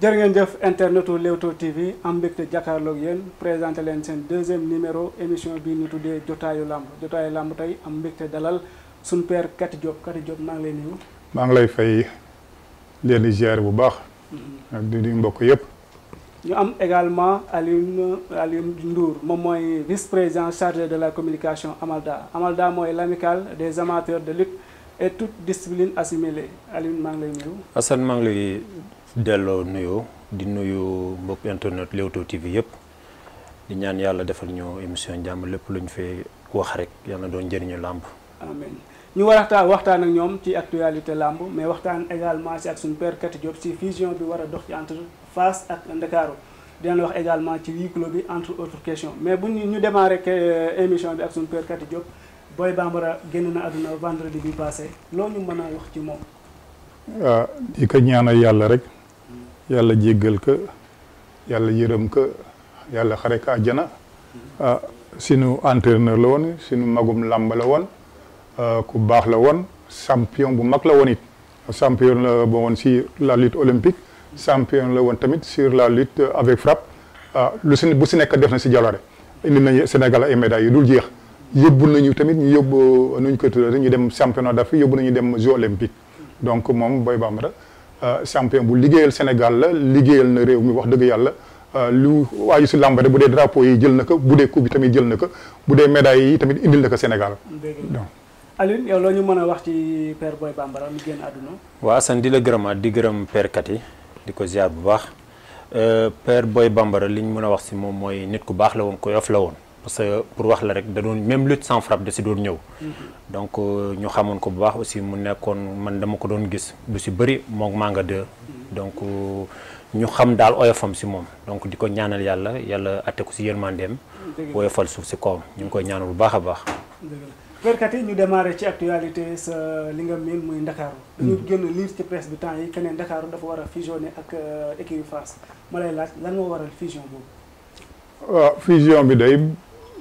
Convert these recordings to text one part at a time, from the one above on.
jër ngeen jëf internetu Leewtoo TV am mbégte jàkkaarloog yéen présenté leen seen deuxième numéro émission bi ñu tuddee jotaayu làmb jotaayu làmb tey am mbégte dalal suñu père Kati Diop Kati Diop maa ngi lay nuyu. maa ngi lay fay leen di bu baax. Mm-hmm. ak di mbokk yëpp. ñu am également Alioune Alioune Ndour moom mooy vice président chargé de la communication Amalda Amalda mooy l'amicale des amateurs de lutte et toute discipline assimilée Alioune maa ngi lay nuyu. Assane delloo nuyoo di nuyu mbokk internet Leewtoo TV yëpp di ñaan yàlla defal ñu émission jàmm lépp lu ñu fee wax rek yàlla doon njëriñu làmb. amiin ñu waxtaan waxtaan ak ñoom ci actualité làmb mais waxtaan également ci ak suñu père Kati Diop ci bi war a dox ci entre Fass ak Ndakaaru dinañ wax également ci huis clos bi entre mais bu ñu ñu euh, émission bi ak suñu père Kati Diop Boy Bambara génn na àdduna vendredi bi passé loo ñu mën a wax ci moom. waaw ah, di ko ñaanal yàlla rek. yàlla jéggal ko yàlla yërëm ko yàlla xare ko àjjana mm-hmm. ah sunu entraîneur la woon sunu magum làmb la woon ah, ku baax la woon champion bu mag la woon it champion la woon si la lutte olympique champion la woon tamit sur la lutte avec frappe ah, lu si bu si nekk def na si jaloore indi na Sénégal ay médailles yu dul jeex yóbbu nañu tamit ñu yóbbu nuñ ko tuddee ñu dem championnat d'Afrique yóbbu nañu dem jeux olympique mm-hmm. donc moom Boy Bambara Euh, champion bu liggéeyal Sénégal la liggéeyal na réew mi wax dëgg yàlla euh, lu waaju si làmbare bu dee drapeau yi jël na ko bu dee coupe bi tamit jël na ko bu dee médaille yi tamit indil na ko Sénégal donc yow loo ñu mën a wax ci Père Boy Bambara mi génn àdduna waaw san di la gërëmaat di gërëm Père Kati di ko ziar bu baax euh, Père Boy Bambara li ñu mën a wax si moom mooy nit ku baax la woon ko yof la woon parce que pour wax la rek da doon même lutte sans frappe da si doon ñëw. donc ñu xamoon ko bu baax aussi mu nekkoon man dama ko doon gis lu si bëri moom Manga 2. donc ñu xam daal oyofam si moom donc di ko ñaanal yàlla yàlla atte ko si yërmandeem. oyofal suuf si kawam ñu ngi koy ñaanal bu baax a baax. përkat yi ñu démarré ci actualité sa li nga miin muy Ndakaaru dañu mm. génn lire ci presse bi temps yi keneen Ndakaaru dafa war a fusionné ak euh, équipe Fass ma lay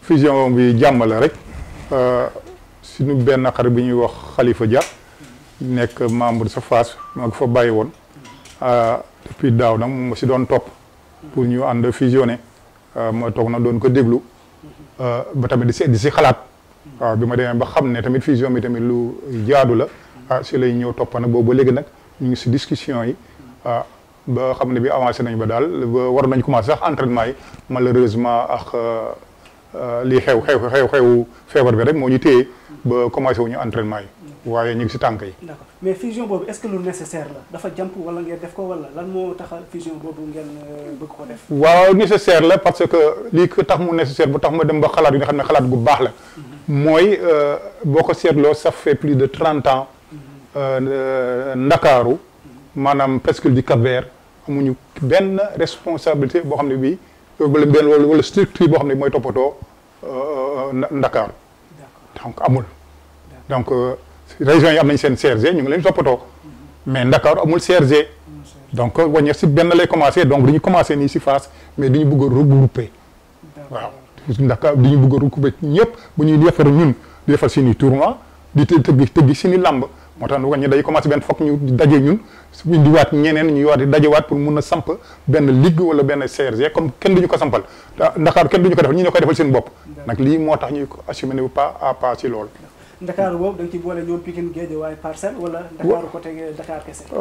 fusion bi jàmm la rek euh, suñu benn xarit bi ñuy wax Khalifa Dia nekk membre sa Fass moo fa bàyyi woon euh, depuis daaw nag moom ma si doon topp pour ñu ànd fusionné euh, ma toog na doon ko déglu ba tamit di si di si xalaat waaw bi ma demee ba xam ne tamit fusion bi tamit lu jaadu la ah si lay ñëw topp nag boobu ba léegi nag ñu ngi si discussion yi ah, ba xam ne bi avancé nañ ba daal ba war nañ commencé sax entraînement yi malheureusement ak Euh, lii xew xew xew xew feebar bi rek moo ñu téye ba commencé wu ñu entraînement yi waaye ñu ngi si tànk yi. mais fusion boobu est-ce que lu nécessaire la dafa jàmp wala ngeen def ko wala lan moo tax fusion boobu ngeen euh, bëgg ko def. waaw nécessaire la parce que lii ko tax mu nécessaire bu tax ma dem ba xalaat yi nga xam ne xalaat gu baax la. Mhm. mooy euh, boo ko seetloo sa fait plus de trente ans. Mhm. ndakaaru mhm. maanaam presqu'île di Cap-Vert amuñu benn responsabilité boo xam ne bii. wala benn wala structure boo xam ne mooy toppatoo euh, euh, Ndakaaru. donc amul. donc euh, région yi am nañ seen CRG ñu ngi leen toppatoo. Mm-hmm. mais Ndakaaru amul CRG. donc wañee si benn lay commencé donc dañu commencé nii si Fass mais dañu bëgg a regrouper. waaw Ndakaar dañu bëgg a regrouper ñëpp bu ñuy defar ñun di defar suñuy tournoi di tëgg tëgg suñuy làmb. moo tax ñu day commencé benn foog ñu daje ñun suñu diwaat ñeneen ñu yowaat dajewaat pour mun a samp benn ligue wala benn CRG comme kenn duñu ko sampal Ndakaaru kenn ñu ko defal ñu ne koy seen bopp nag lii tax ñuy assumé ne pas à pas ci loolu Ndakaaru boobu da nga ci boole ñoom Pikine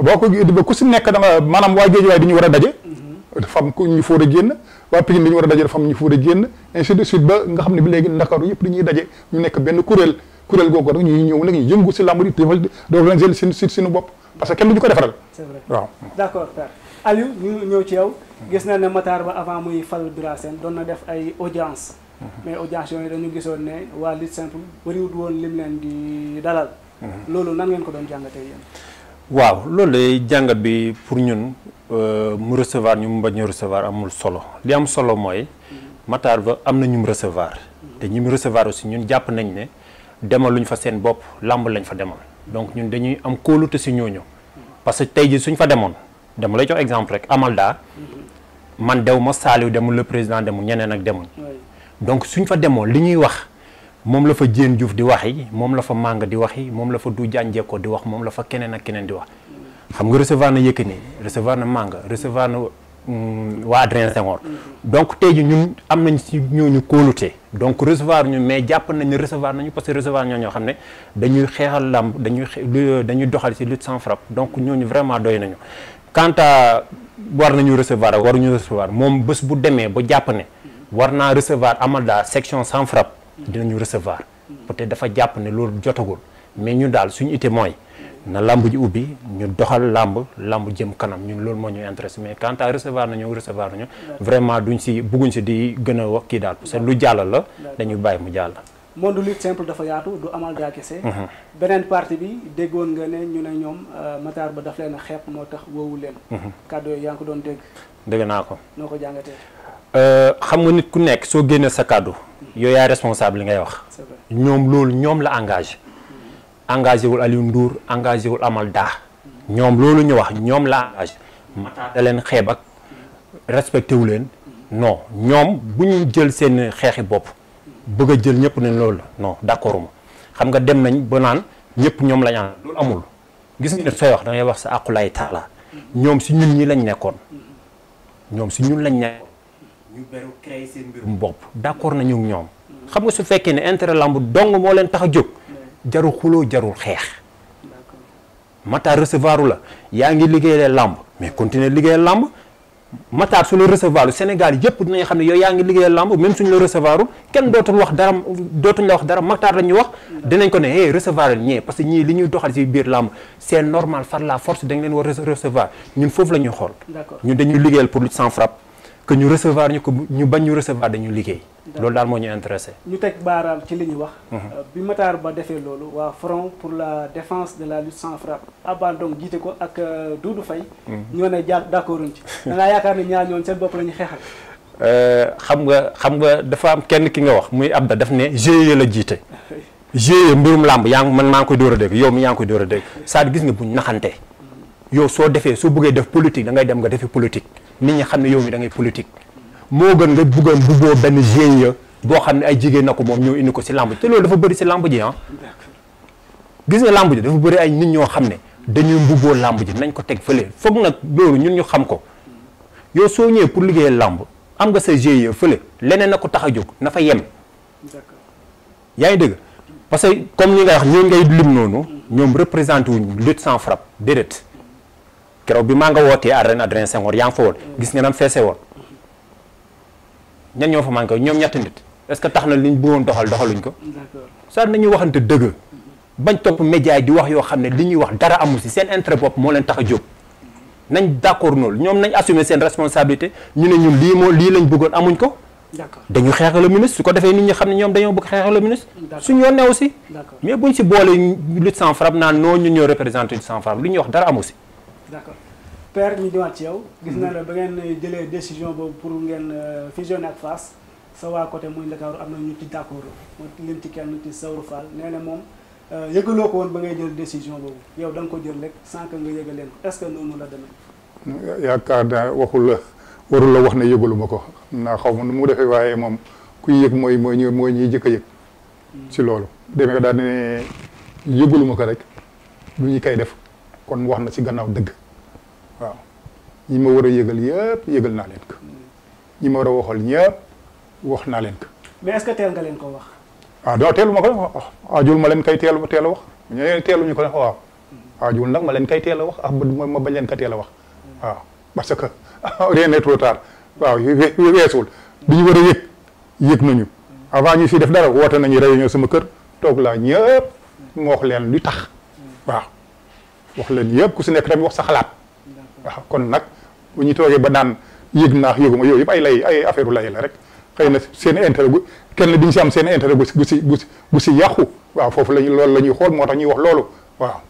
boo ko ku si nekk da nga maanaam waa Géejawaay dañu war a daje mm-hmm. dafa am ku ñu fóor génn waa Pikine dañu war a daje dafa am ñu fóor a génn ainsi de suite ba nga xam ne bi léegi Ndakaaru yëpp dañuy daje ñu nekk benn kuréel kuréel googu nag ñuy ñëw nag ñu yëngu si lamb di di organiser seen si suñu bopp parce que kenn duñu ko defaral. c'est vrai waaw d'accord père Aliou ñu ñëw ci yow. gis na ne Matar ba avant muy fal Bira Sène doon na def ay audience mhm. mais audience yooyu dañu gisoon ne waa lutte simple bëriwut woon lim leen di dalal. Mhm. loolu nan ngeen ko doon jàngatee yéen. waaw loolu lay jàngat bi pour ñun euh, mu recevoir ñu mu bañ a recevoir amul solo li am solo mooy. Mhm. Matar ba am na ñu mu recevoir. te ñi mu recevoir aussi ñun jàpp nañ ne. lu ñu fa seen bopp làmb lañ fa demal donc ñun dañuy am kóolute si ñooñu parce que tey ji suñ fa demoon dama lay jox exemple rek amal Amalda man dew ma Saliou demul la président demul ñeneen ak demuñ donc suñ fa demoon li ñuy wax moom la fa Diène Diouf di wax yi moom la fa màng di wax yi moom la fa du jànjeekoo di wax moom la fa keneen ak keneen di wax mm. xam nga recevoir na Yékini recevoir na Manga recevoir na waa Adrien Senghor. donc tey ji ñun am nañ si ñooñu kóolute. donc recevoir ñu mais jàpp nañu recevoir nañu parce que recevoir ñoo ñoo xam ne dañuy xeexal làmb dañuy dañuy doxal si lutte sans frappe donc ñooñu vraiment doy nañu. kanta war nañu recevoir ak waruñu recevoir moom bés bu demee ba jàpp ne. war naa recevoir Amalda section sans frappe. dinañu recevoir. peut-être dafa jàpp ne loolu jotagul. mais ñu daal suñu ité mooy. na làmb ji ubbi ñu doxal làmb làmb jëm kanam ñu loolu moo ñuy intéressé mais quant à recevoir nañu recevoir nañu vraiment duñ si bugguñ si di gën a wax kii daal parce lu jàll la dañu bàyyi mu jàll monde lutte simple dafa yaatu du amal gaa kese mhm. beneen parti bi déggoon nga ne ñu ne ñoom euh, Matar Ba daf leen a xeeb moo tax woowu leen mhm. kàddu yooyu yaa ngi ko doon dégg dégg naa ko noo ko jàngatee euh, xam nga nit ku nekk soo génnee sa kàddu mhm. yow yaay responsable li ngay wax ñoom loolu ñoom la engagé engagé wul Aliou Ndour engagé wul Amal Da ñoom loolu ñu wax ñoom laa engagé Matar da leen xeeb ak respecté wu leen non ñoom bu ñu jël seen xeexi bopp bëgg a jël ñëpp ne loolu la non d'accord ma xam nga dem nañ ba naan ñëpp ñoom lañ amul gis nga ne sooy wax da wax sa aqulay taala ñoom si ñun ñi lañ nekkoon ñoom si ñun lañ nekkoon ñu beru créer seen mbirum ñoom xam nga su fekkee ne intérêt lamb dong moo leen tax a jóg jarul xuloo jarul xeex Matar recevoir la yaa ngi liggéeyee làmb mais continuer liggéey làmb Matar su la recevoir lu Sénégal yëpp dinañ xam ne yow yaa ngi liggéey làmb même suñ la recevoir kenn dootul wax dara dootuñ la wax dara Matar la ñuy wax dinañ ko ne eh recevoir leen ñee parce que ñii li ñuy doxal ci biir làmb c'est normal far la force dañ leen war recevoir ñun foofu la ñuy xool. ñun dañuy liggéeyal pour lutte sans frappe. que ñu recevoir ñu ko ñu bañ ñu recevoir dañu liggéey. loolu daal moo ñu intéressé. ñu teg baaraam ci li ñu wax. Mhm. Euh, bi Matar Ba defee loolu waa Front pour la défense de la lutte sans frappe abandon jiite ko ak euh, Doudou Faye. Mhm. ñoo ne ja d' accord ci. da yaakaar ne ñaar ñoon seen bopp la ñu xeexal. Euh, xam nga xam nga dafa am kenn ki nga wax muy Abda daf ne GIE la jiite. GIE mbirum làmb yaa ngi man maa koy door a dégg yow mi yaa ngi koy door a dégg. saa gis nga buñ naxante. yow soo defee soo buggee def politique dangay dem nga defi politique nit ñi xam ne yow mi da ngay politique moo gën nga bëggoon bu boo benn GIE boo xam ne ay jigéen na ko moom ñoo indi ko si lamb ji te loolu dafa bëri si lamb ji ah gis nga lamb ji dafa bëri ay nit ñoo xam ne dañuy mbubboo làmb ji nañ ko teg fële foog nag loolu ñun ñu xam ko yow soo ñëwee pour liggéeyee làmb am nga sa GIE fële leneen na ko tax a jóg na fa yem yaa ngi dëgg parce que comme ni nga wax ñooñu ngay lim noonu ñoom représenté wuñ lutte sans frappe déedéet keroog bi maa nga wootee arène Adrien Senghor yaa ngi fa woon gis nga nam feese woon ñan ñoo fa manqué ñoom ñetti nit est que tax na liñ bëggoon doxal doxaluñ ko saa nañu waxante dëgg bañ topp média yi di wax yoo xam ne li ñuy wax dara amu si seen intérêt bopp moo a jóg nañ d'accord noonu ñoom nañ assumer seen responsabilité ñu ne ñun lii lii lañ bëggoon amuñ ko d'accord dañu xeexal le ministre su ko defee nit ñi xam ne ñoom dañoo bëgg xeexal le ministre suñu yoon ne aussi mais buñ si boole lutte sans frappe naan noo ñun ñoo représenté lutte sans frappe li ñuy wax dara amu si d'accord père ñu diwaat ci yow. gis naa la ba ngeen jëlee décision boobu pour ngeen euh, fusionner ak Fass sa waa côté muy Ndakaaru am na ñu ci d'accord mu lim ci kenn ci Sawru Fall nee na moom euh, yëgaloo ko woon ba ngay jël décision boobu yow da nga jël rek sans que leen ko est-ce que noonu la demee. yaakaar la warul la wax ne yëgaluma ko naa xaw ma nu mu defee waaye moom kuy yëg mooy mooy ñu mooy ñuy jëkk a hmm. ci loolu demee ko ko rek lu ñu koy def. kon wax na si gannaaw dëgg waaw ñi ma war a yëgal yëpp yëgal naa leen ko ñi ma war a waxal ñëpp wax naa leen ko. mais est-ce teel nga leen ko wax. ah doo teelu ma ko wax ah, ma leen kay teel teel a wax ñooñu teeluñu ko waaw aajul nag ma leen kay teel a wax ah ma bañ leen ko teel a wax waaw parce que rien n'est waaw yu weesul bi ñu war a yëg yëg nañu avant ñu fi def dara woote nañu réunion sama kër toog laa ñëpp moo wax leen lu tax waaw. wax leen yëpp ku si nekk tamit wax sa xalaat waaw kon nag bu ñu toogee ba naan yëg naax yëguma yooyu yëpp ay lay ay affaire lay la rek xëy na seen intérêt gu kenn duñ si am seen intérêt gu si si gu si gu si yàqu waaw foofu lañu loolu la ñuy xool moo tax ñuy wax loolu waaw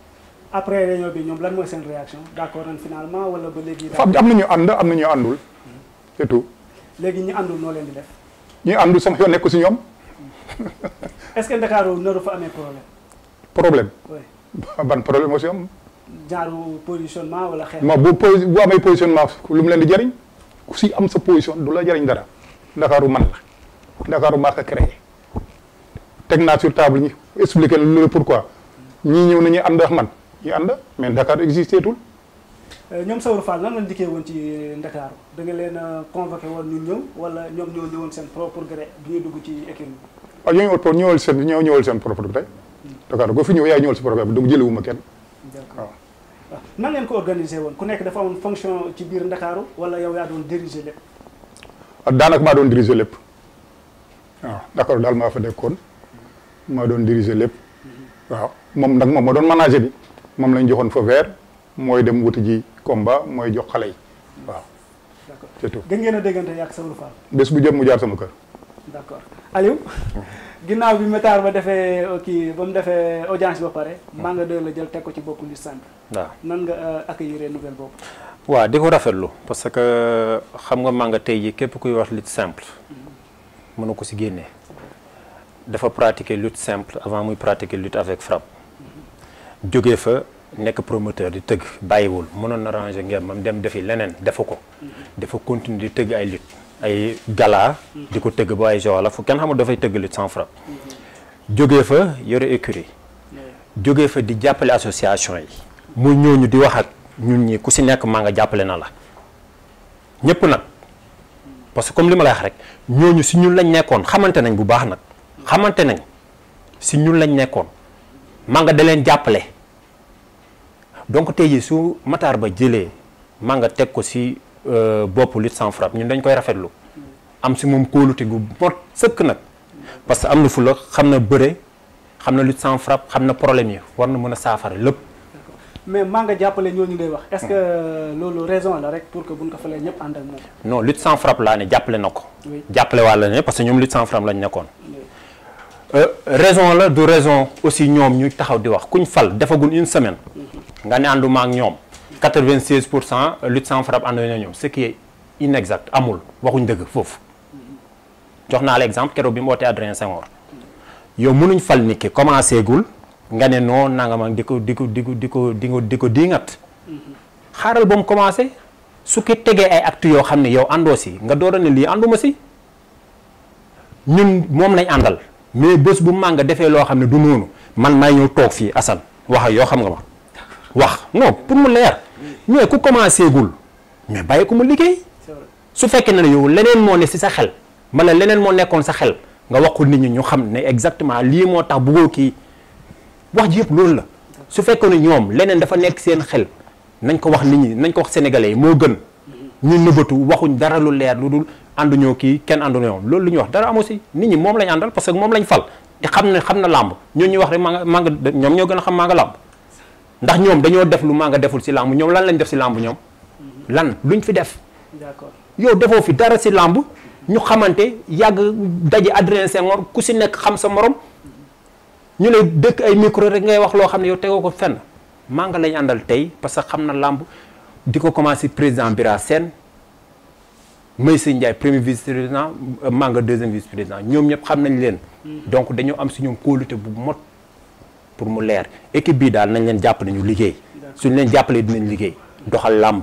après réunion bi ñoom lan mooy seen réaction d'accord nañ finalement wala ba léegi am na ñu ànd am na ñu àndul hmm. c'est tout léegi ñu àndul noo leen di def ñu àndul sama yoon nekk si ñoom hmm. est-ce que Ndakaaru naru fa amee problème problème ban problème aussi am genre positionnement wala xeex. non bu po bu amee positionnement lu mu leen di jëriñ ku si am sa position du la jëriñ dara ndakaaru man la ndakaaru maa ko teg naa sur table ñi expliqué lu la pourquoi ñii ñëw nañu ànd ak man ñu ànd mais Dakar existé tul. Euh, ñoom Saourou Fall lan lañ woon ci euh, Dakar da nga leen ñu ñëw wala ñoom ñoo ñëwoon seen propre gré bi ñuy dugg ci équipe bi. waaw ah, ñoo ñëwoon ñëwal seen ñoo ñëwal seen propre gré. Hmm. fi ñëw yaay ñëwal si problème bi donc jëlee ma kenn. waaw ah. ah. nan ngeen ko organiser woon ku nekk dafa amoon fonction ci biir Ndakaaru wala yow yaa doon diriger lépp. Ah, daanaka maa doon diriger lépp waaw Ndakaaru daal maa fa nekkoon maa doon diriger lépp waaw mm-hmm. moom nag moom moo doon manager bi moom lañ joxoon fa weer mooy dem wuti ji combat mooy jox xale yi mm-hmm. waaw. d'accord gën ngeen a déggante ak Saourou Fall. bés bu jëm mu jaar sama kër. d'accord ginnaaw bi métaar ba defee euh, kii ba mu defee audience ba pare. Hmm. Manga 2 la jël teg ko ci boppu Lutte Simple. waaw nan nga euh, accueillir nouvelle boobu. waaw di ko rafetlu parce que euh, xam nga nga tey jii képp kuy wax Lutte Simple. Hmm. mënu ko si génnee. dafa pratiquer lutte simple avant muy pratiquer lutte avec frappe. Hmm. jóge fa nekk promoteur di tëgg bàyyiwul mënoon na ranger ngeen mam dem defi leneen defu ko. dafa continuer di tëgg ay lutte. ay gala di ko tëgg ba ay Joal fu kenn xamul dafay tëgg lutte sans frappe jógee fa yore écurie jóge fa di jàppale association yi muy ñooñu di wax ak ñun ñi ku si nekk maa nga jàppale na la ñëpp nag parce que comme li ma la wax rek ñooñu si ñun lañ nekkoon xamante nañ bu baax nag xamante nañ si ñun lañ nekkoon maa nga da leen jàppale donc tey jii su Matar Ba jëlee maa nga teg ko si Euh, bopp lutte sans frappe ñun dañ koy rafetlu am si moom kóolute gu mot sëkk nag parce que am na fu xam na bëre xam na lut sans frappe xam na problème yi war na mën a saafara lépp. mais maa nga jàppale ñoo ñooñu ngay wax est-ce que euh, loolu raison la rek pour que buñ ñëpp ànd ak moom. non lutte sans jàppale na ko. jàppale waa parce que ñoom lutte sans frappe lañ nekkoon. Euh, raison la du raison aussi ñoom ñu taxaw di wax kuñ fal defagul une semaine. Mhm. nga ne ànduma ak ñoom. vingt 96 pour cent lutte sans frappe ànd na ñoom ce qui est inexact amul waxuñ dëgg foofu jox naa la exemple keroog bi mu wootee Adrien Senghor yow mënuñ fal nit ki commencé gul nga ne non nangam di ko di ko di ko di ko di ko di ko diingat xaaral ba mu commencé su ko tegee ay act yoo xam ne yow àndoo si nga door a ne lii ànduma si ñun moom lañ àndal mais bés bu màng defee loo xam ne du noonu man may ñëw toog fii Assane wax ak yoo xam nga ma. wax non pour mu leer mais ku commencé gul mais bàyyi ko mu liggéey su fekkee ne yow leneen moo ne si sa xel mala leneen moo nekkoon sa xel nga wax nit ñi ñu xam ne exactement lii moo tax bëggoo kii wax ji yëpp loolu la su fekkee ne ñoom leneen dafa nekk seen xel nañ ko wax nit ñi nañ ko wax sénégalais moo gën ñu nëbbatu waxuñ dara lu leer lu dul ànduñoo kii kenn ànduñoo loolu lu ñuy wax dara amu si nit ñi moom lañ àndal parce que moom lañ fal te xam ne xam na làmb ñoo ñuy wax rek maa nga maa nga ñoom ñoo gën a xam maa nga làmb ndax ñoom dañoo def lu maa nga deful si làmb ñoom lan lañ def si làmb ñoom mhm. lan luñ fi def d'accord yow defoo fi dara si làmb ñu xamante yàgg daje Adrien Senghor ku si nekk xam sa morom ñu lay dëkk ay micro rek ngay wax loo xam ne yow tegoo ko fenn maa nga lañ àndal tey parce que xam na làmb di ko commencé président Bira Sène Maysa Ndiaye premier vice président Manga deuxième vice président ñoom ñëpp xam nañ leen mhm. donc dañoo am si ñoom kóolute bu mot pour mu leer équipe bii daal nañ leen jàpp ñu liggéey suñ leen jàppalee dinañ liggéey doxal làmb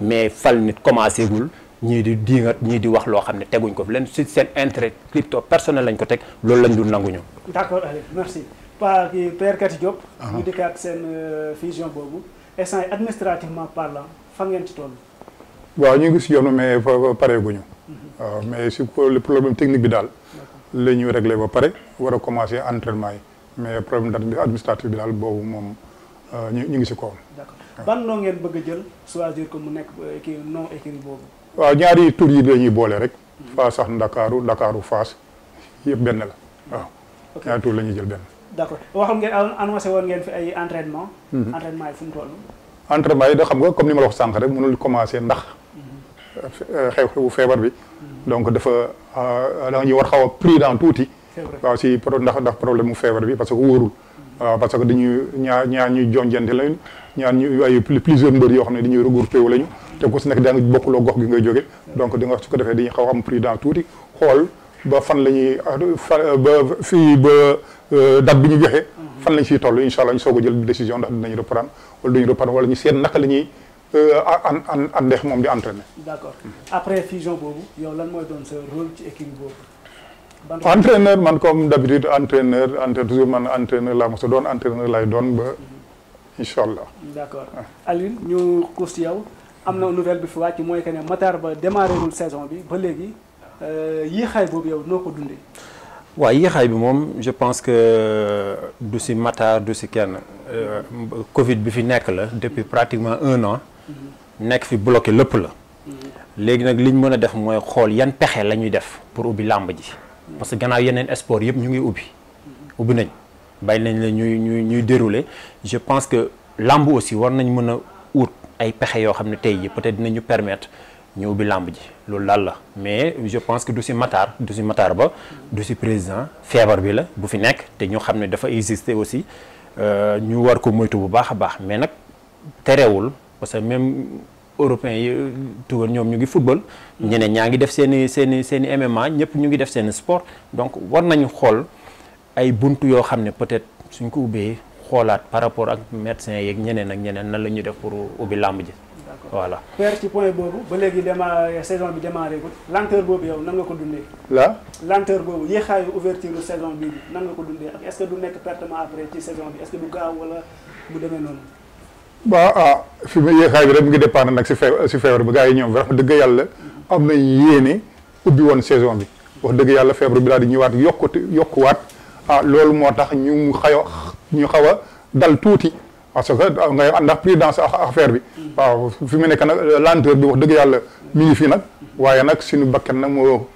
mais fal nit commencé gul ñii di diingat ñii di wax loo xam ne teguñ ko fi leen si seen intérêt crypto personnel lañ ko teg loolu lañ dul nangu ñoom. d'accord allez merci Pa kii Père Kati Diop. Ah. ñu dikkaat seen euh, fusion boobu instant administrativement parlant fan ngeen ci toll. waaw ñu ngi si yoon mais pareeguñu. waaw mhm. ah, mais si le problème technique bi daal. la ñuy ba pare war a commencer entraînement yi. mais problème administratif bi daal boobu moom euh, ñu ñu ngi si kawam. d'accord ban ngeen bëgg a jël choisir ko mu nekk euh, boobu. waaw ñaari tur yi ñuy boole rek. Hmm. Fass sax Ndakaaru Ndakaaru Fass yëpp benn la hmm. waaw. la ñuy jël benn. d'accord waxoon ngeen annoncé woon ngeen fi ay entraînement. Hmm. entraînement yi fu mu toll. yi da xam nga comme ni ma la wax sànq rek mënul commencer ndax. Euh, xew-xewu feebar bi. donc dafa da ñuy ñu war xaw a prudent tuuti. waaw si pro ndax ndax problème mu feebar bi parce que wóorul hmm. waaw parce que dañuy ñaar ñaar jonjante lañu ñaar ñu ay plusieurs mbër yoo xam ne dañuy regroupé si nekk daa nga bokkuloo gox gi ngay jóge hmm. donc di nga su ko defee dañuy xaw am prudent la ñuy ah, ba fii ba euh, date bi ñu joxe hmm. fan lañ siy a jël seet naka la euh, andeex moom di entraîner. entraîneur man comme d'habitude entraîneur entraîneur toujours man entraîneur laa mos a doon entraîneur laay doon ba mhm. incha allah. d'accord Alioune ñu xuus yow am na nouvelle bi fi wàcc mooy que ne Matar Ba démarré saison bi ba léegi euh, yéexaay boobu yow noo ko dundee. waaw yéexaay bi moom je pense que du si Matar du si kenn euh, Covid bi fi nekk la depuis pratiquement un an. Mhm. nekk fi bloqué lépp la. Mhm. léegi nag li mën a def mooy xool yan pexe la ñuy def pour ubbi làmb ji. parce que gannaaw yeneen sport yëpp ñu ngi ubbi ubbi nañ bàyyi nañ la ñuy ñuy ñuy dérouler je pense que làmb aussi war nañ mën a ut ay pexe yoo xam ne tey jii peut-être dinañu permettre ñu ubbi làmb ji loolu daal la mais je pense que du si Matar du si Matar ba du si président feebar bi la bu fi nekk te ñu xam ne dafa exister aussi euh, ñu war ko moytu bu baax a baax mais nag terewul parce que même européens yi tugal ñoom ñu ngi football. ñeneen ñaa ngi def seen i seen i seen i MMA ñëpp ñu ngi def seen sport donc war nañu xool ay buntu yoo xam ne peut-être suñ ko ubbee xoolaat par rapport ak médecins yeeg ñeneen ak ñeneen na lañu ñuy def pour ubbi làmb ji. voilà père ci point boobu ba léegi dama saison bi démarré ko lenteur boobu yow nan ko dundee. la lenteur boobu yéexaayu ouverture saison bii nan nga ko dundee ak est-ce que du nekk pertement après ci saison bi est du gaaw ba ah fi mu yéexaay bi rek mu ngi dépendre nag si feebar si feebar bi gars yi ñoom wax dëgg yàlla am nañ yéene woon saison bi wax dëgg yàlla feebar bi daal di ñëwaat yokkute yokkuwaat ah loolu moo tax ñu xaw ñu xaw a dal tuuti parce que nga ndax prudence affaire bi waaw fi mu nekk nag lenteur bi wax dëgg yàlla mi ngi fii nag waaye nag suñu bakkan nag moo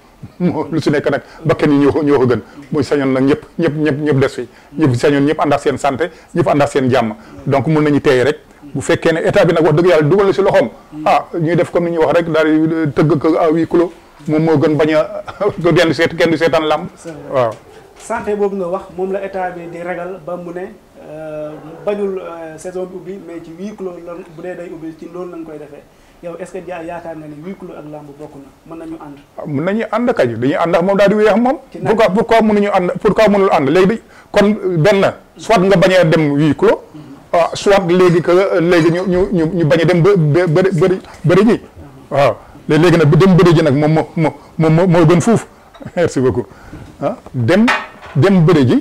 lu si nekk nag bakkan yi ñoo ko ñoo ko gën muy sañoon nag ñëpp ñëpp ñëpp ñëpp des fi ñëpp sañoon ñëpp andax seen santé ñëpp àndax seen jàmm donc mun nañu teey rek bu fekkee ne état bi nag wax dëgg yàlla dugal na si loxoom ah ñuy def comme ni ñuy wax rek daal di tëgg ko à huis clos moom moo gën bañ a kenn du seet kenn du seetaan làmb waaw santé boobu nga wax moom la état bi di ragal ba mu ne euh, bañul euh, saison bi ubbi mais ci huis clos la bu dee day ubbi loolu lañ koy defee yow est-ce que ja yaakaar nga ni huis clos ak làmb bokk na mën nañu ànd ah, mën nañu ànd kañ dañuy ànd ndax moom daal di weex moom pourquoi pourquoi mënuñu ànd pourquoi mënul ànd léegi kon benn soit nga bañ a dem huis clos ah soit léegi que euh, léegi ñu ñu ñu ñu bañ a dem ba ba bëri bëri waaw waaw léegi nag bu dem bëri ji nag moom moo moo moo gën fuuf merci beaucoup ah dem dem bëri ji.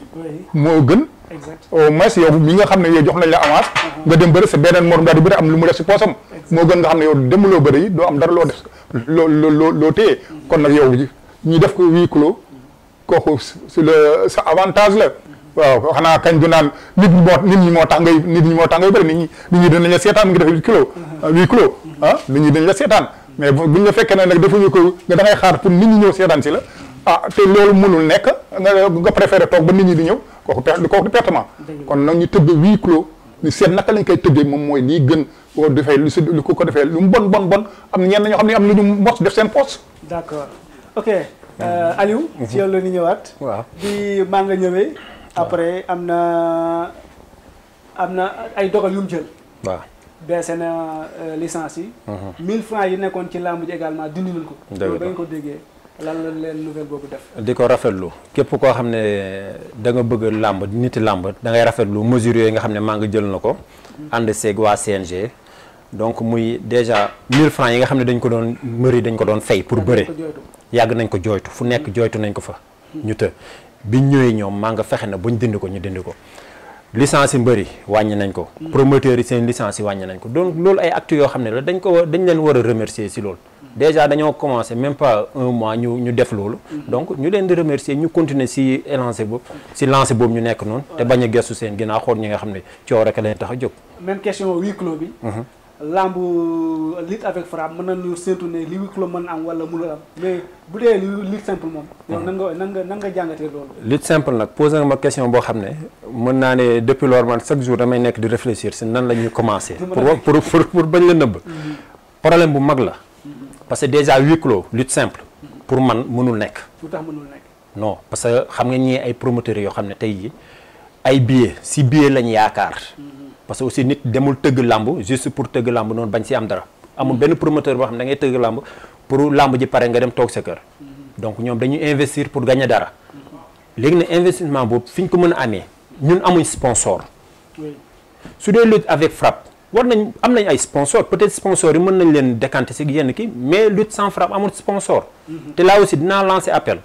moo gën. au moins yow mi nga xam ne yow jox nañ la avance. Uh-huh. nga dem bëri sa beneen morom daal di bëri am lu mu def si poosam. moo gën nga xam ne yow demuloo bëri yi doo am dara loo def loo loo loo mm-hmm. kon nag yow ñu def ko huis clos kooku si la sa avantage la. waaw xanaa kañ du naan nit ñi moo nit ñi moo tax ngay nit ñi moo tax ngay bëri nit ñi nit ñi la seetaan ngi def huit kilo mm-hmm. huit kilo ah, nit ñi la seetaan mais buñ la fekkee ne nag defuñu ko nga da xaar pour nit ñi ñëw seetaan si la ah te loolu mënul nekk nga nga préféré toog ba nit ñi di ñëw kooku perte kooku pertement kon nag ñu tëdd huit kilo ñu lañ koy tëddee moom mooy lii gën ko si ko ko defee lu mu bon bon bon am na ñenn ñoo xam ne am lu ñu mos def seen poos d'accord ok euh, Aliou si mhm. yow la ñu ñëwaat waaw di maa nga ñëwee après am na am na ay dogal yu jël. waaw baissé na euh, licence yi. 1000 mhm. francs yi nekkoon ci làmb ji également dindi nañ ko. dëgg ba lan la leen nouvelle def. di ko rafetlu képp koo xam ne da nga bëgg làmb niti làmb da ngay rafetlu mesures yooyu nga xam ne maa jël na ko. Mhm. ànd seeg waa CNG. donc muy déjà 1000 francs yi nga xam ne dañ ko doon mëri dañ ko doon fay pour bëre yàgg nañ ko jooytu fu nekk mhm. jooytu nañ ko fa ñu të biñ ñëwee ñoom maa nga fexe na buñ dindi ko ñu dindi ko licence yi mbëri wàññi nañ ko promoteurs yi seen licence yi wàññi nañ ko donc loolu ay actes yoo xam ne la dañ ko war dañ leen war a remercier si loolu déjà dañoo commencé même pas un mois ñu ñu def loolu donc ñu leen di remercier ñu continuer si lancé boobu si lancé boobu ñu nekk noonu te bañ a gestu seen ginaa xool ñi nga xam ne coow rek leen tax a jóg làmb lutte avec frappe mën nañu séntu ne li huis clos mën wala mënul am bu dee lutte simple moom. yow nan nga nan nan nga jàngatee loolu. lutte simple nag posé nga ma question boo xam ne mën naa ne depuis loolu man chaque jour damay nekk di réfléchir si nan la ñuy commencé. pour pour pour bañ la nëbb. problème bu mag la. parce que déjà huis clos simple. pour man mënul nekk. lu tax mënul nekk. non parce que xam nga ñii ay promoteurs yoo xam ne tey jii ay billets si billet lañ yaakaar. Mm-hmm. parce que aussi nit demul tëgg làmb juste pour tëgg làmb noonu bañ si am dara amul benn promoteur boo xam ne da ngay tëgg ji pare nga dem toog sa kër donc ñoom dañuy investir pour gagner dara léegi ne investissement boobu fi ñu ko mën a amee ñun amuñ sponsor su dee lutte avec frappe war nañ am nañ ay sponsor peut-être sponsor yi mën nañ leen décanter si yenn ki mais lutte sans frappe amul sponsor mhm. te là aussi dinaa lancer appel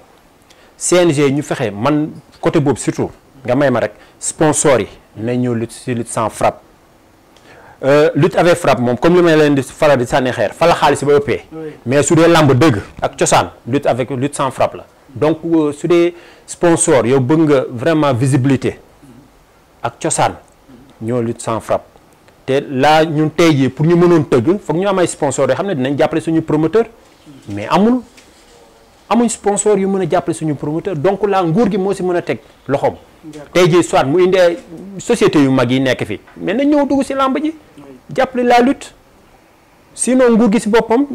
CNG ñu fexe man côté boobu surtout nga may ma rek sponsor yi na ñëw lutte si lutte sans frappe euh, lut avec frappe moom comme li may leen di faral di sànni xeer fala la xaalis ba ëppee. mais su dee làmb dëgg ak cosaan lutte avec lutte sans frappe la. donc euh, su dee sponsor yow bëgg nga vraiment visibilité ak cosaan ñoo lut sans frappe te laa ñun tey jii pour ñu mënoon tëgg foog ñu am sponsor yoo xam ne dinañ jàppale suñu promoteur mais amul amuñ sponsor yu mën a jàppale suñu promoteur donc laa nguur gi moo si mën a teg loxoom. tey jii soit mu indee société yu mag yi nekk fi mais nañ ñëw dugg si làmb ji jàppale la lutte sinon nguur gi si boppam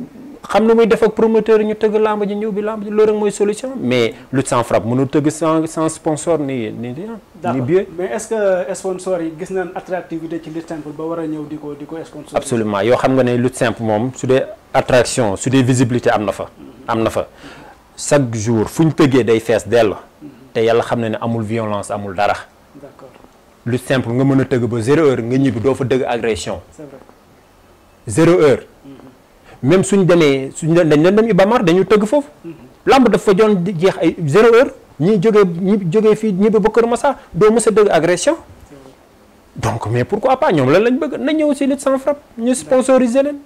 xam na muy def ak promoteur ñu tëgg làmb ji ñëw bi làmb ji loolu rek mooy solution mais lutte sans frappe mënul tëgg sans sans sponsor ni nii ni bieu mais est-ce que sponsor yi gis nañ attractivité ci lutte simple ba war a ñëw di ko di ko sponsor absolument yoo xam nga ne lut simple moom su dee attraction su dee visibilité am na fa am na fa chaque jour fu ñu tëggee day fees dell te yàlla xam na ne amul violence amul dara. d'accord lu simple nga mën a tëgg ba zéro heure nga ñibbi doo fa dëgg agression. c'est vrai zéro heure. Mm-hmm. même suñ demee suñ dañ leen dem Ibamar dañu tëgg foofu. Mm-hmm. lamb dafa joon jeex ay zéro heure ñi jógee ñi fii ñibbi ba Kër Massa doo mës a dëgg agression. donc mais pourquoi pas ñoom lan lañ bëgg na ñëw si lutte sans frappe ñu sponsoriser leen.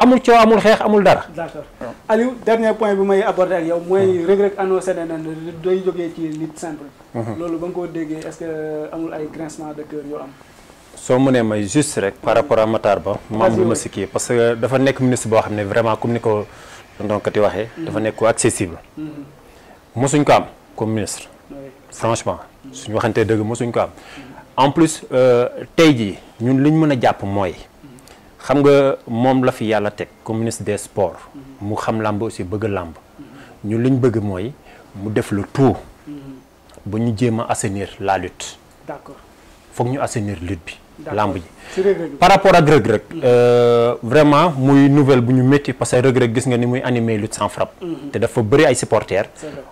amul coow amul xeex amul dara. d'accord Aliou dernier point bi may aborder ak yow mooy hmm. Reug Reug annoncé na ne doy jógee ci lutte simple. Hmm. loolu ba nga koo déggee est-ce que amul ay grincement de cœur yoo am. soo mënee may juste rek par rapport à Matar Ba. ma am lu ma si kii parce que dafa nekk ministre boo xam ne vraiment comme ni ko donc ti waxee. Hmm. dafa nekk accessible. mosuñ ko am comme ministre. franchement suñu waxantee dëgg mosuñ ko am. en plus euh, tey jii ñun li ñu mën a jàpp mooy. xam nga moom la fi yàlla teg communiste ministre des sports mu xam làmb aussi bëgg làmb ñu liñ bëgg mooy mu def le tout bu ñu jéem a assainir la lutte d'accord ñu assainir lutte bi làmb ji par rapport ak Reug Reug mm. euh, vraiment muy nouvelle bu ñu métti parce que Reug gis nga ni muy animé lut sans frappe mm-hmm. te dafa bëri ay supporters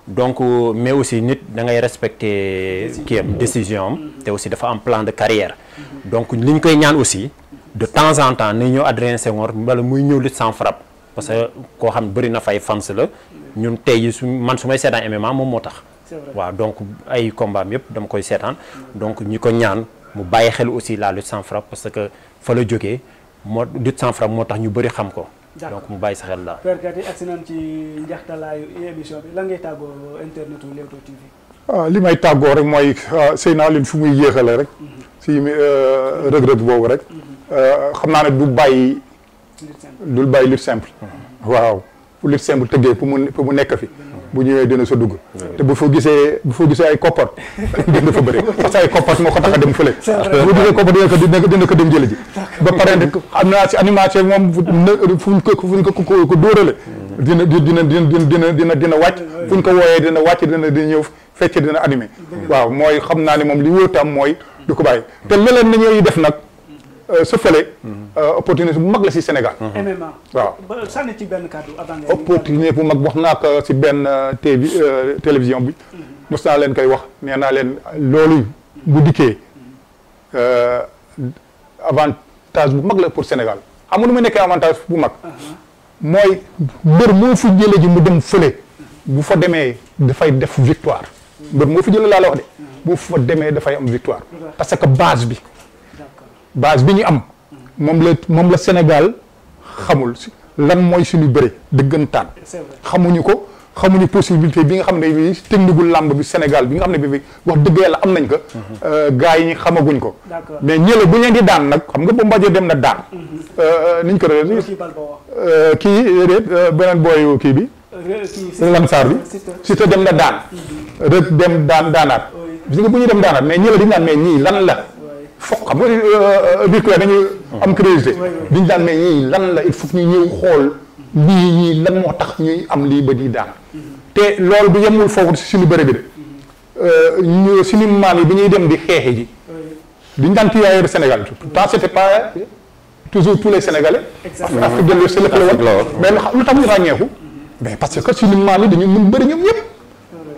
donc euh, mais aussi nit da ngay respecter kii am décision mm-hmm. te aussi dafa am plan de carrière mm-hmm. donc liñ koy ñaan aussi de temps en temps ni ñëw Adrien Senghor muy ñëw lutte sans frappe parce que koo xam bari na fay fans la ñun tey yi su man su may seetaan MMA moom moo tax waaw donc ay combat yëpp dama koy seetaan donc ñi ko ñaan mu bàyyi xel aussi la lutte sans frappe parce que fa la jógee moo lutte sans moo tax ñu bëri xam ko donc mu bàyyi sa xel la perkat yi agsi ah, li may tàggoo rek mooy ah, Seyna Aline fu muy yéexale rek mhm. si euh, rëg-rëg boobu rek mhm. Euh, xam naa ne du bàyyi. dul bàyyi lutte simple. waaw pour lutte simple tëggee pour mu pour mu nekk fi. bu ñëwee dina sa dugg. te bu foo gisee bu foo gisee ay koppar dina fa bëri parce que ay koppar moo ko tax dem fële. bu gisee koppar dina ko dina ko dem jëli ji. ba pare am naa si animation moom fu ñu ko fu ñu ko ko dóorale. dina dina dina dina dina dina wàcc. fu ñu ko wooyee dina wàcc dina dina ñëw fecc dina anime waaw mooy xam naa ne moom li wóotam mooy du ko bàyyi. te leneen nañuy def nag. sëfale. Euh, euh, opportunité bu mag la si Sénégal. MMA mm-hmm. waaw. ba sànni ci benn kàddu avant nga. bu mag wax naa ko si benn euh, TV télévision bi. Mm-hmm. mos naa leen koy wax nee naa leen loolu bu dikkee mm-hmm. avantage bu mag la pour Sénégal xam nga nu muy nekkee avantage bu mag. Uh-huh. mooy mbër moo fu jëlee ji mu dem fële. bu fa demee dafay def victoire. mbër moo fi jëlee laa la wax de. bu fa demee dafay am victoire. parce que base bi. base bi ñu am moom la moom la Sénégal xamul lan mooy suñu bëre dëggantaan xamuñu ko xamuñu possibilité bi nga xam ne bi technique gu làmb bi Sénégal bi nga xam ne bi wax dëgg yàlla am nañ ko euh, gars yi xamaguñ ko mais ñëla bu ñeen di daan nag xam nga Bombardier dem na daan mm-hmm. euh, niñ ko euh, re kii beneen booyu kii bi lamsaar bi surtout dem na daan mm-hmm. rek dem daan daanaat gis bu ñuy dem daanaat mais ñëla di naan mais ñii lan la foog xam nga euh, euh, biir kuréel dañuy am curiosité duñ mais ñii lan la il faut ñu ñëw xool lii ñii lan moo tax ñuy am lii ba di daan mm-hmm. te loolu du yemul foofu si suñu bëre bi de mm-hmm. euh, suñu maam yi bi ñuy dem di xeexi ji duñ daan tirailleurs Sénégal pourtant mm-hmm. c'était pas toujours tous les Sénégalais parce que Afrique de l'Ouest lépp la woon mais lu tax ñu ràññeeku mais parce que suñu maam yi dañu mën bëri ñoom ñëpp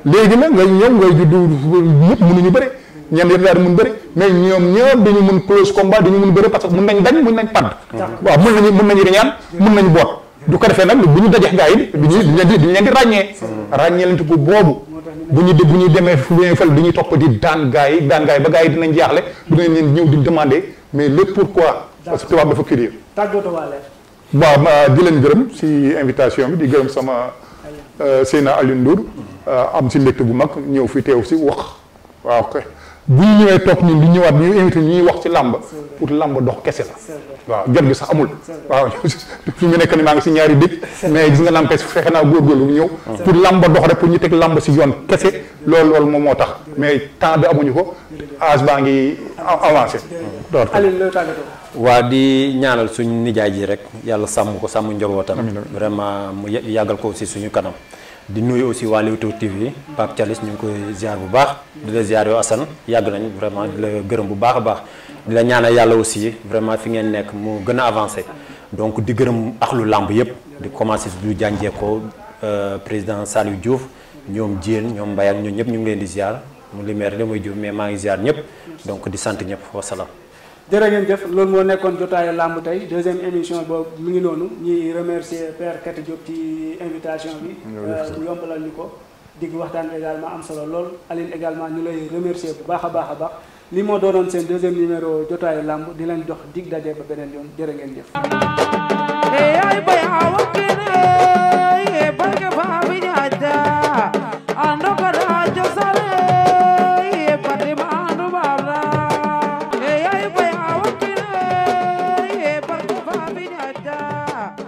léegi nag nga ñëw ngay juddu ñëpp mënuñu bëri ñenn yëpp daal di mun bëri mais ñoom ñëpp dañu mun close combat dañu mun bëri parce que mun nañ dañ mun nañ padd waaw mun nañu mun nañu riñaan nañ boot du ko defee nag bu ñu dajee gaa yi duñu leen di ràññee ràññee leen boobu bu ñu bu ñuy demee fu ñu fal du ñuy topp di daan gaa yi daan gaa yi ba gaa yi dinañ jaaxle dinañ leen ñëw di demander mais lépp pourquoi parce que tubaab dafa curieux waaw di leen gërëm si invitation bi di gërëm sama euh, Seyna Alioune Ndour euh, am si mbégte bu mag ñëw fi teew si wax bu ñëwee toog ñun di ñëwaat ñu invité ñuy wax ci làmb pour làmb dox kese la waaw jot gi sax amul waaw fi ñu nekk ni maa ngi si ñaari dëj mais gis nga làmb su fexe naa góorgóorlu bu ñëw pour làmb dox rek pour ñu teg làmb si yoon kese loolu loolu moom moo tax mais temps bi amuñu ko âge baa ngi avancé door waa di ñaanal suñu nijaay ji rek yàlla sàmm ko sàmm njabootam vraiment mu yàggal koo si suñu kanam di nuyu aussi waa Leewtoo TV Pape Thialis ñu ngi koy ziar bu baax di la ziar yoo Assane yàgg nañ vraiment di la gërëm bu baax a baax di la ñaanal yàlla aussi vraiment fi ngeen nekk moo gën a avancé donc di gërëm axlu làmp yëpp di commencé du jànjeekoo euh, président Saliou Diouf ñoom Diène ñoom Mbaye ak ñoom ñëpp ñu ngi leen di ziar mu limeer li muy Diouf mais maa ngi ziar ñëpp donc di sant ñëpp wasalaam jërë ngeen jëf loolu moo nekkoon jotaayu làmb tey deuxième émission boobu mu ngi noonu ñuy remercier Père Kati Diop ci invitation bi bu euh, yombalal ñu ko digg waxtaan également am solo lool Aline également ñu lay remercier bu baax a baax a baax li moo doonoon seen deuxième numéro jotaayu làmb di leen jox dig daje ba beneen yoon jërë ngeen jëf